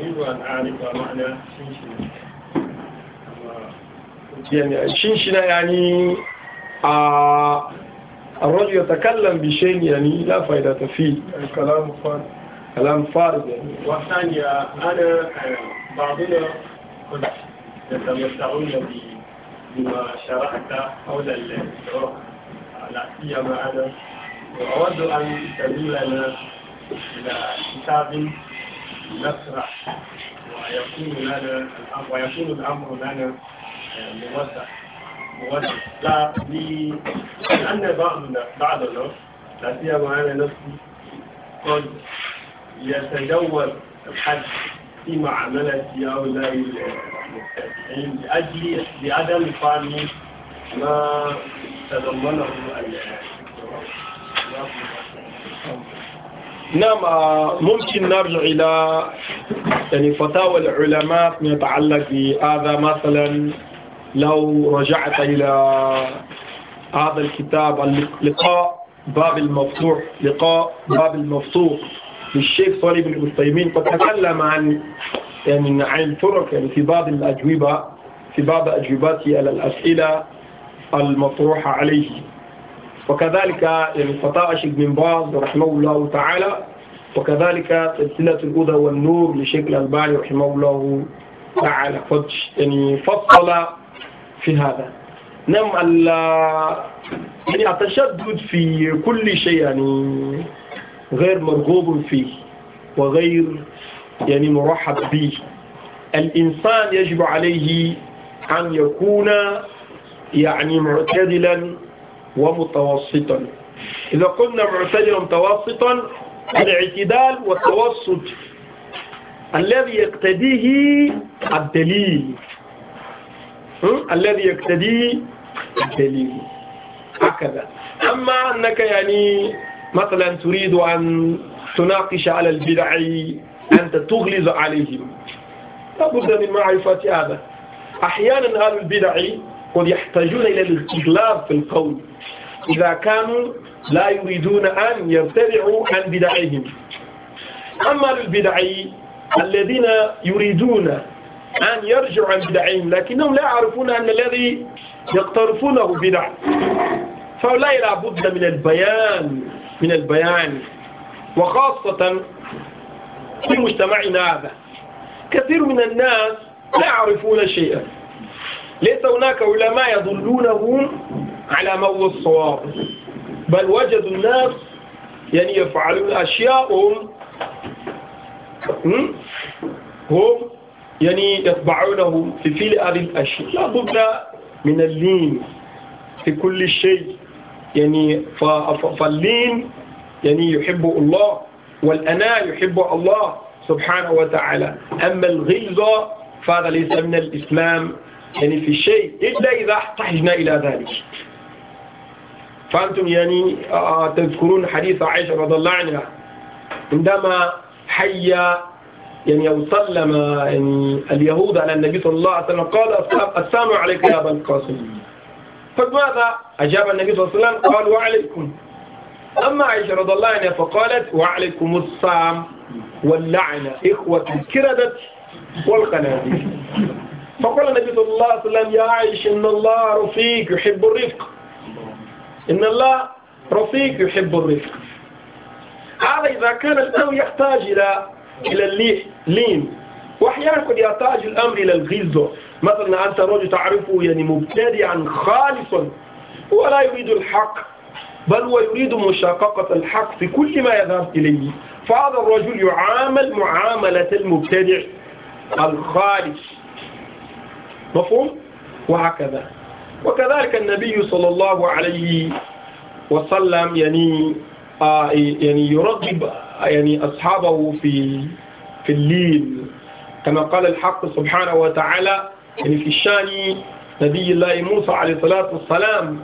أريد أن أعرف معنى شنشنا يعني, يعني آه الرجل يتكلم بشيء يعني لا فائدة فيه الكلام فارغ كلام فارغ يعني والثانية أنا آه، بعضنا قد يتمتعون بما شرحت حول الاشتراك لا سيما انا واود ان تميلنا الى كتاب نشرح ويكون لنا ويكون الامر لنا موزع آه، موزع لا لان بعضنا بعضنا لا سيما انا نفسي قد يتجول الحد في معاملة هؤلاء المستفيدين لأجل لعدم فهم ما تضمنه نعم ممكن نرجع إلى يعني فتاوى العلماء فيما يتعلق بهذا مثلا لو رجعت إلى هذا الكتاب اللقاء باب المفتوح لقاء باب المفتوح للشيخ صالح بن المسلمين قد تكلم عن يعني عن الطرق يعني في بعض الأجوبة في بعض أجوباته على الأسئلة المطروحة عليه وكذلك يعني فتاة شيخ بن باز رحمه الله تعالى وكذلك سلسلة الهدى والنور لشيخ الألباني رحمه الله تعالى يعني فصل في هذا نعم يعني التشدد في كل شيء يعني غير مرغوب فيه وغير يعني مرحب به الإنسان يجب عليه أن يكون يعني معتدلا ومتوسطا إذا قلنا معتدلا متوسطا الاعتدال والتوسط الذي يقتديه الدليل الذي يقتديه الدليل هكذا أما أنك يعني مثلا تريد أن تناقش على البدع أنت تغلظ عليهم لابد من معرفة هذا أحيانا أهل البدع قد يحتاجون إلى الاستغلاب في القول إذا كانوا لا يريدون أن يرتدعوا عن بدعهم أما البدع الذين يريدون أن يرجعوا عن بدعهم لكنهم لا يعرفون أن الذي يقترفونه بدع فهؤلاء لابد من البيان من البيان وخاصة في مجتمعنا هذا كثير من الناس لا يعرفون شيئا ليس هناك علماء يدلونهم على موضوع الصواب بل وجدوا الناس يعني يفعلون أشياء هم هم يعني يتبعونهم في فعل هذه الأشياء لا بد من اللين في كل شيء يعني فاللين يعني يحبه الله والأناء يحبه الله سبحانه وتعالى أما الغيظ فهذا ليس من الإسلام يعني في شيء إلا إذا احتجنا إلى ذلك فأنتم يعني آه، آه، تذكرون حديث عائشة رضي الله عنها عندما حي يعني أو سلم يعني اليهود على النبي صلى الله عليه وسلم قال السلام عليك يا أبا القاسم فماذا أجاب النبي صلى الله عليه وسلم قال وعليكم أما عائشة رضي الله عنها فقالت وعليكم الصام واللعنة إخوة الكردة والقناديل فقال النبي صلى الله عليه وسلم يا عائشة إن الله رفيق يحب الرفق إن الله رفيق يحب الرفق هذا إذا كان الأو يحتاج إلى إلى اللين واحيانا قد يحتاج الامر الى الغيظه مثلا انت رجل تعرفه يعني مبتدعا خالصا هو لا يريد الحق بل هو يريد مشاققه الحق في كل ما يذهب اليه فهذا الرجل يعامل معامله المبتدع الخالص مفهوم وهكذا وكذلك النبي صلى الله عليه وسلم يعني آه يعني يرغب يعني اصحابه في في الليل كما قال الحق سبحانه وتعالى يعني في شان نبي الله موسى عليه الصلاة والسلام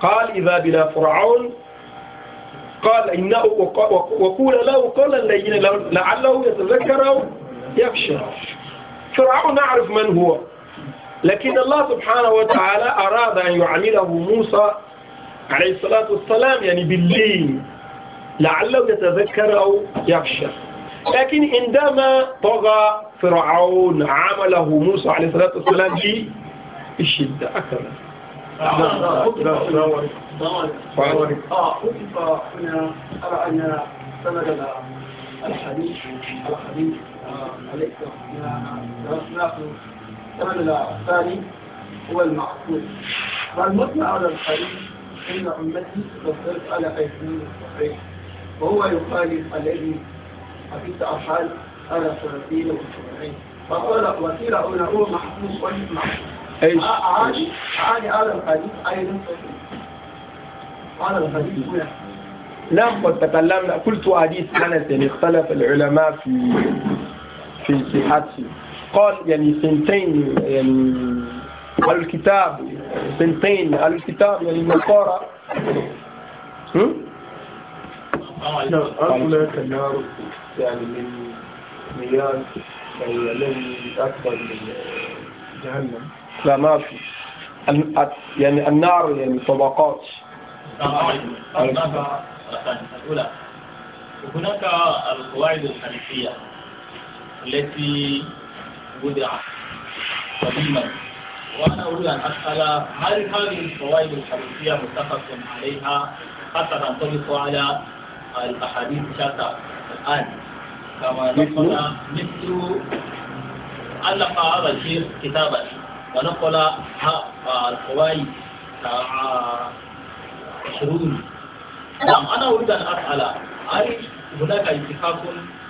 قال إذا بلا فرعون قال إنه وقول له قولا لينا لعله يتذكر يخشى فرعون نعرف من هو لكن الله سبحانه وتعالى أراد أن يعامله موسى عليه الصلاة والسلام يعني بالليل لعله يتذكر أو يخشى لكن عندما طغى فرعون عمله موسى عليه الصلاة والسلام في الشدة أكثر نعم. آه، الحديث الحديث آه، عليك الثاني هو المعقول فالمثنى على الحديث إن أمتي تصرف على أيدي الصحيح وهو يخالف الذي حديث أحال على ثلاثين وسبعين فقال وكيل هو محفوظ وجد محفوظ ايش؟ عادي عادي على الحديث أيضا على الحديث هنا نعم قد تكلمنا قلت حديث أنس يعني اختلف العلماء في في صحته قال يعني سنتين يعني الكتاب سنتين الكتاب يعني النصارى هم؟ أهل يعني من مليار فيلم من جهنم لا ما في يعني النار يعني طبقات الأولى هناك القواعد الحنفية التي وضعت قديما وأنا أريد أن أسأل هل هذه القواعد الحنفية متفق عليها حتى تنطبق على الأحاديث الشاذة الآن كما مثل علق هذا الشيخ كتابا ونقل القواعد شرور نعم أنا أريد أن أسأل هل هناك اتفاق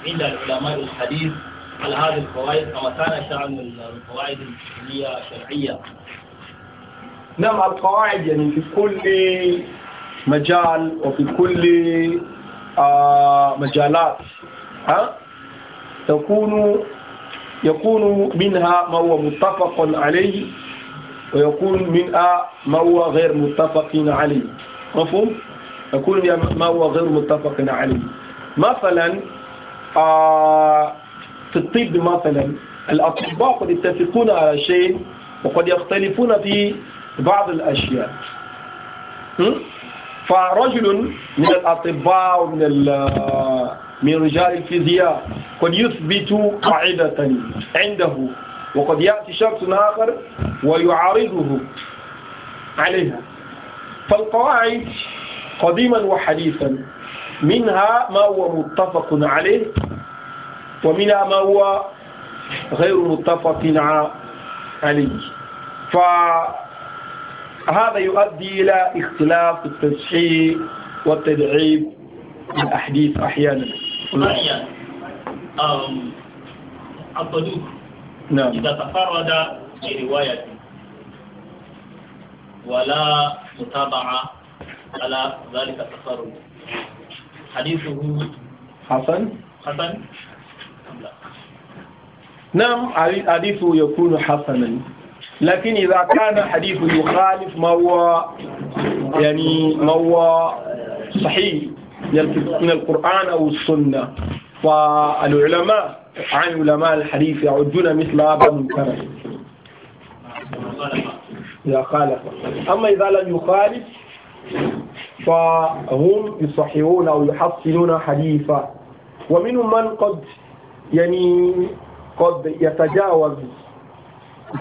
عند العلماء الحديث على هذه القواعد كما كان شأن القواعد الفقهية الشرعية نعم القواعد يعني في كل مجال وفي كل آه مجالات ها تكون يكون منها ما هو متفق عليه ويكون منها ما هو غير متفق عليه مفهوم؟ يكون ما هو غير متفق عليه مثلا آه، في الطب مثلا الأطباء قد يتفقون على شيء وقد يختلفون في بعض الأشياء فرجل من الأطباء ومن من رجال الفيزياء قد يثبت قاعدة عنده وقد يأتي شخص آخر ويعارضه عليها فالقواعد قديما وحديثا منها ما هو متفق عليه ومنها ما هو غير متفق عليه هذا يؤدي إلى اختلاف التصحيح والتدعيب الأحاديث أحيانا أحيانا الصدوق نعم إذا تفرد في رواية ولا متابعة على ذلك التفرد حديثه حسن حسن نعم حديثه يكون حسنا لكن إذا كان حديث يخالف ما هو يعني ما هو صحيح من القرآن أو السنة فالعلماء عن علماء الحديث يعدون مثل هذا منكرا إذا خالف أما إذا لم يخالف فهم يصححون أو يحصلون حديثا ومنهم من قد يعني قد يتجاوز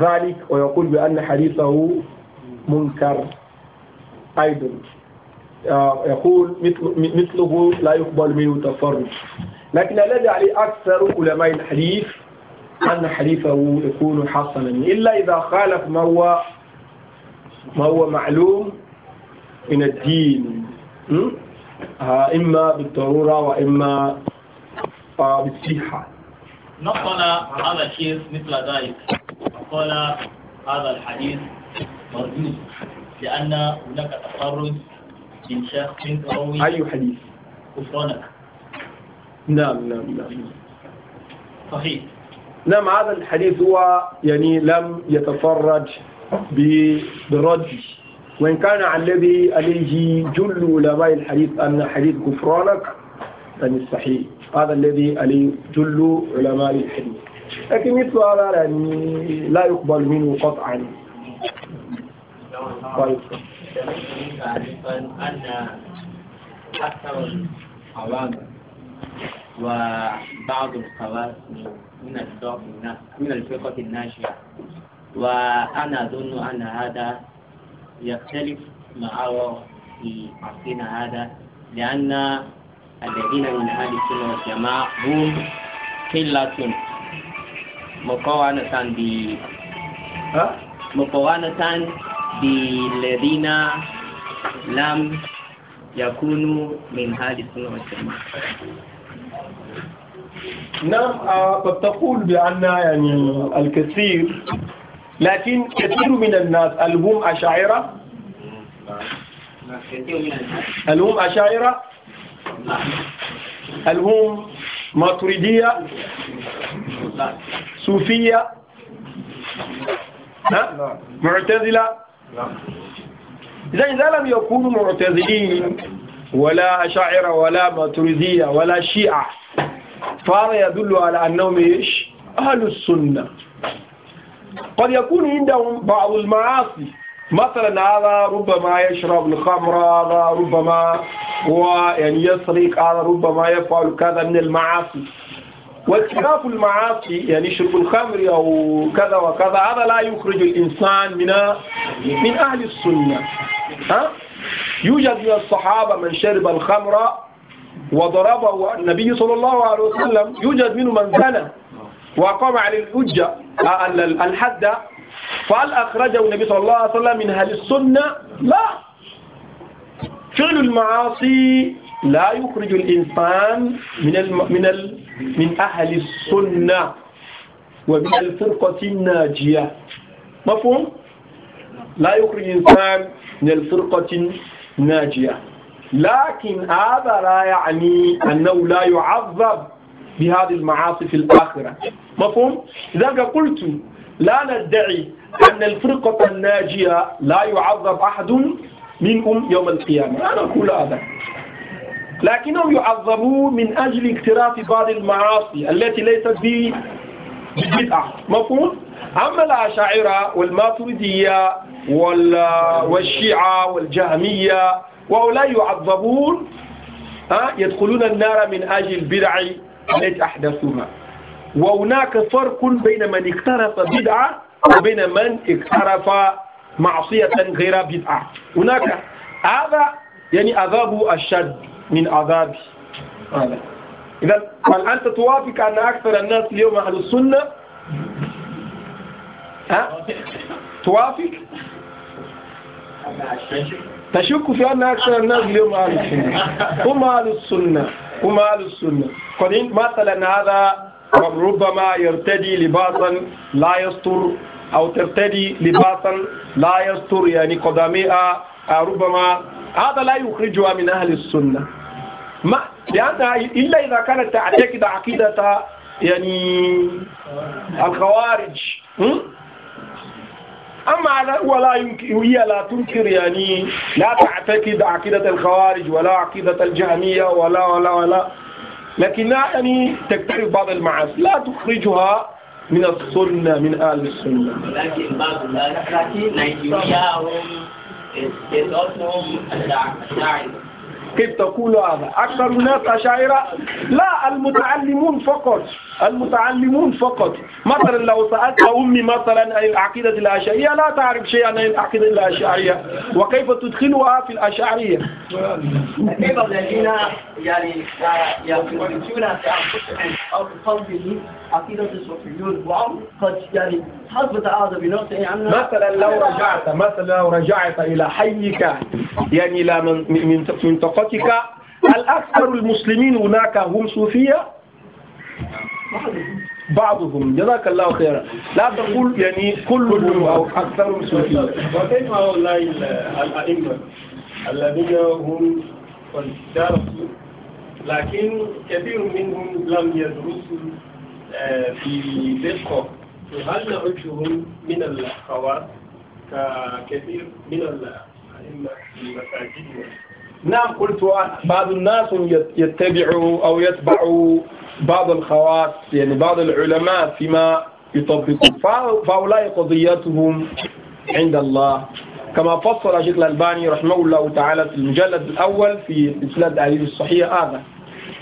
ذلك ويقول بأن حديثه منكر أيضا آه، يقول مثله لا يقبل منه تفرج لكن الذي عليه أكثر علماء الحديث أن حديثه يكون حسنا إلا إذا خالف ما هو ما هو معلوم من الدين آه، إما بالضرورة وإما آه، بالصحة نقل هذا الشيخ مثل ذلك قال هذا الحديث مردود لأن هناك تخرج من شخص قوي أي حديث؟ كفرانك نعم نعم نعم صحيح نعم هذا الحديث هو يعني لم يتفرج برد وإن كان الذي عليه جل علماء الحديث أن حديث كفرانك يعني صحيح هذا الذي عليه جل علماء الحديث لكن mítú ara يعني لا يقبل منه قطعا طيب وبعض الخواص من الفرق من الفرقة الناشئة وأنا أظن أن هذا يختلف مع في عصرنا هذا لأن الذين من أهل السنة والجماعة هم قلة مقارنة ب ها؟ مقارنة بالذين لم يكونوا من هذه السنة والجماعة نعم آه، قد تقول بأن يعني الكثير لكن كثير من الناس هل هم أشاعرة؟ هل هم أشاعرة؟ نعم. هل هم ماتريدية صوفية معتزلة إذا إذا لم يكونوا معتزلين ولا أشاعرة ولا ماتريدية ولا شيعة فهذا يدل على أنهم إيش أهل السنة قد يكون عندهم بعض المعاصي مثلا هذا ربما يشرب الخمر هذا ربما هو يعني يسرق هذا ربما يفعل كذا من المعاصي واختلاف المعاصي يعني شرب الخمر أو كذا وكذا هذا لا يخرج الإنسان من من أهل السنة ها؟ يوجد من الصحابة من شرب الخمر وضربه النبي صلى الله عليه وسلم يوجد منه من زنى وقام على الحجة الحد فهل أخرجه النبي صلى الله عليه وسلم من أهل السنة لا فعل المعاصي لا يخرج الإنسان من الم... من ال... من أهل السنة ومن الفرقة الناجية مفهوم؟ لا يخرج الإنسان من الفرقة الناجية لكن هذا لا يعني أنه لا يعذب بهذه المعاصي في الآخرة مفهوم؟ إذا قلت لا ندعي أن الفرقة الناجية لا يعذب أحد منهم يوم القيامة لا نقول هذا لكنهم يعذبون من أجل اقتراف بعض المعاصي التي ليست بدعة مفهوم؟ أما الأشاعرة والماتريدية والشيعة والجهمية وهؤلاء يعذبون يدخلون النار من أجل البدع التي أحدثوها وهناك فرق بين من اقترف بدعة وبين من اقترف معصية غير بدعة هناك هذا يعني عذاب أشد من عذاب إذا هل أنت توافق أن أكثر الناس اليوم أهل السنة ها؟ توافق؟ تشك في أن أكثر الناس اليوم أهل السنة هم أهل السنة هم أهل السنة قد مثلا هذا ربما يرتدي لباسا لا يستر أو ترتدي لباسا لا يستر يعني قدميها آه، ربما هذا لا يخرجها من أهل السنة ما لأنها إلا إذا كانت تعتقد عقيدة يعني الخوارج م? أما ولا يمكن هي لا تنكر يعني لا تعتقد عقيدة الخوارج ولا عقيدة الجهمية ولا ولا ولا لكنها يعني تقترب بعض المعاصي لا تخرجها من السنة من آل السنة لكن بعض الناس لكن نيجيريا هم is also كيف تقول هذا أكثر الناس أشاعرة لا المتعلمون فقط المتعلمون فقط مثلا لو سألت أمي مثلا عن العقيدة الأشاعية لا تعرف شيئا عن العقيدة الأشاعية، وكيف تدخلها في الأشاعرية كيف الذين يعني يقولون في أنفسهم أو في عقيدة الصوفيون وهم قد يعني حسب هذا بنفسه يعني مثلا لو رجعت مثلا لو رجعت إلى حيك يعني إلى من من من ثقافتك الأكثر المسلمين هناك هم صوفية بعضهم جزاك الله خيرا لا تقول يعني كلهم أو أكثرهم صوفية وكيف هؤلاء الأئمة الذين هم درسوا لكن كثير منهم لم يدرسوا آه، في فقه فهل نعدهم من الخوارج ككثير من الأئمة في مساجدنا نعم قلت بعض الناس يتبعوا أو يتبعوا بعض الخواص يعني بعض العلماء فيما يطبقون فهؤلاء قضيتهم عند الله كما فصل شيخ الألباني رحمه الله تعالى في المجلد الأول في سلسلة الحديث الصحيح هذا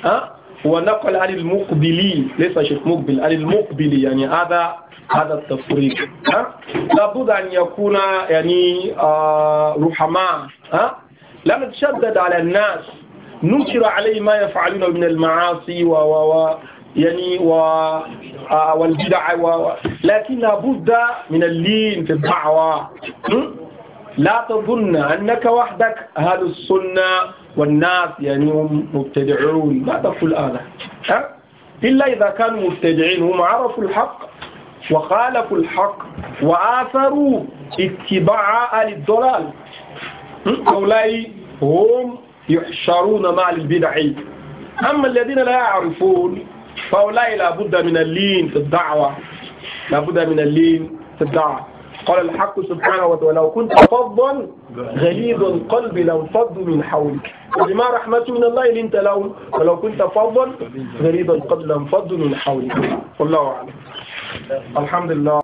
ها هو نقل عن المقبلي ليس شيخ مقبل عن المقبلي يعني هذا هذا التفريق ها لابد أن يكون يعني آه رحماء ها لما تشدد على الناس نكر عليه ما يفعلونه من المعاصي و و و يعني و آه، والبدع و... و لكن لابد من اللين في الدعوة لا تظن أنك وحدك أهل السنة والناس يعني هم مبتدعون لا تقول هذا ها إلا إذا كانوا مبتدعين هم عرفوا الحق وخالفوا الحق وآثروا اتباع للضلال الضلال هؤلاء هم يحشرون مع البدع أما الذين لا يعرفون فهؤلاء لابد من اللين في الدعوة لابد من اللين في الدعوة قال الحق سبحانه وتعالى ولو كنت فظا غليظ القلب لانفضوا من حولك ما رحمة من الله لنت لو ولو كنت فظا غليظ القلب لانفضوا من حولك والله أعلم الحمد لله